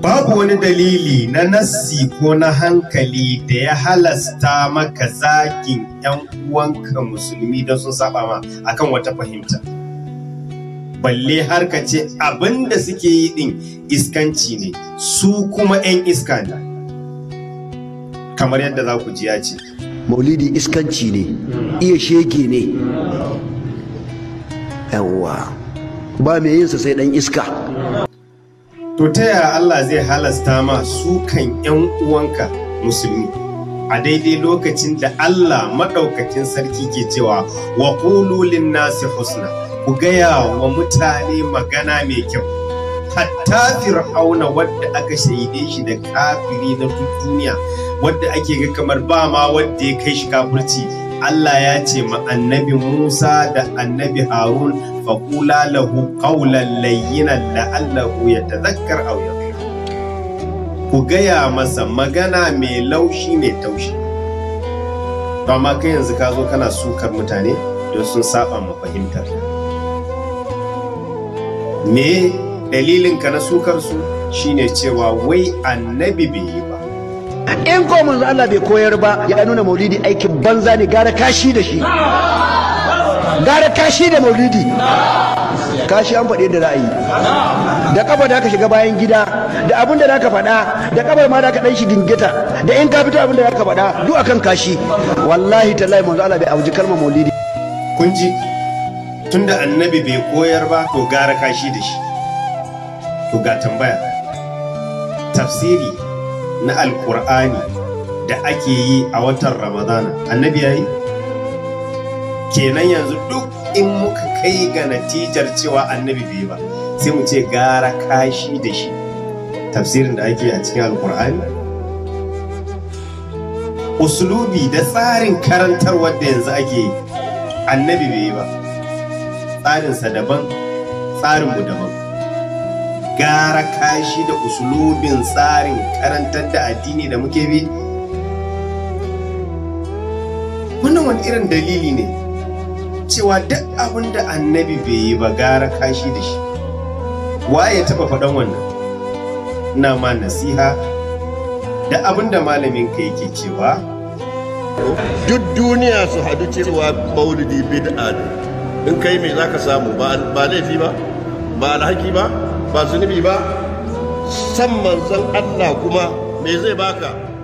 babu wani dalili na nassi ko na hankali da ya halasta maka zagin 'yan uwanka musulmi don sun saba ma akan wata fahimta balle har ka ce abin da suke yi din iskanci ne su kuma 'yan iska ne kamar yadda za ku ji ya ce maulidi iskanci ne iya shege ne yawwa ba mai yinsa sai ɗan iska to ta yaya Allah zai halasta ma su kan 'yan uwanka musulmi a daidai lokacin da Allah maɗaukakin sarki ke cewa wa lin nasi husna ku gaya wa mutane magana mai kyau hatta fir'auna wadda aka shaide shi da kafiri na duniya wadda ake ga kamar ba ma wadda ya kai shi kafirci Allah ya ce ma annabi Musa da annabi Harun kula lahu ƙaunar layyinan la'allahu ya tazakkar auya. Ku gaya masa magana mai laushi mai taushi. Ba ma kai yanzu ka zo kana sukar mutane don sun saba ma fahimtar. Me dalilinka na sukar su shine cewa wai annabi bai yi ba. in ko manzo Allah bai koyar ba ya nuna maulidi aikin banza ne gara kashi da shi gara kashi da maulidi kashi an faɗi da ra'ayi da kafa da aka shiga bayan gida da abin da aka faɗa da kabar ma da aka ɗan shi gingita da in ka fito abin da aka faɗa duk akan kashi wallahi tallahi manzo Allah bai auji kalmar maulidi kun ji tunda annabi bai koyar ba to gara kashi da shi to ga tambaya tafsiri na alkur'ani da ake yi a watan ramadana annabi ya yi kenan yanzu duk in muka kai ga natijar cewa annabi bai ba sai mu ce gara kashi da shi tafsirin da ake a cikin alkur'ani uslubi da tsarin karantar wadda yanzu ake yi annabi bai ba tsarinsa daban tsarinmu daban gara kashi da usulubin tsarin karantar da addini da muke bi wannan wani irin dalili ne cewa duk abin da annabi bai yi ba gara kashi da shi waye taba faɗan wannan na ma nasiha da abin da malamin ka yake cewa duk duniya su hadu cewa maulidi bid'a in kai me ka samu ba laifi ba ba alhaki ba ba zunubi ba san manzon Allah kuma me zai baka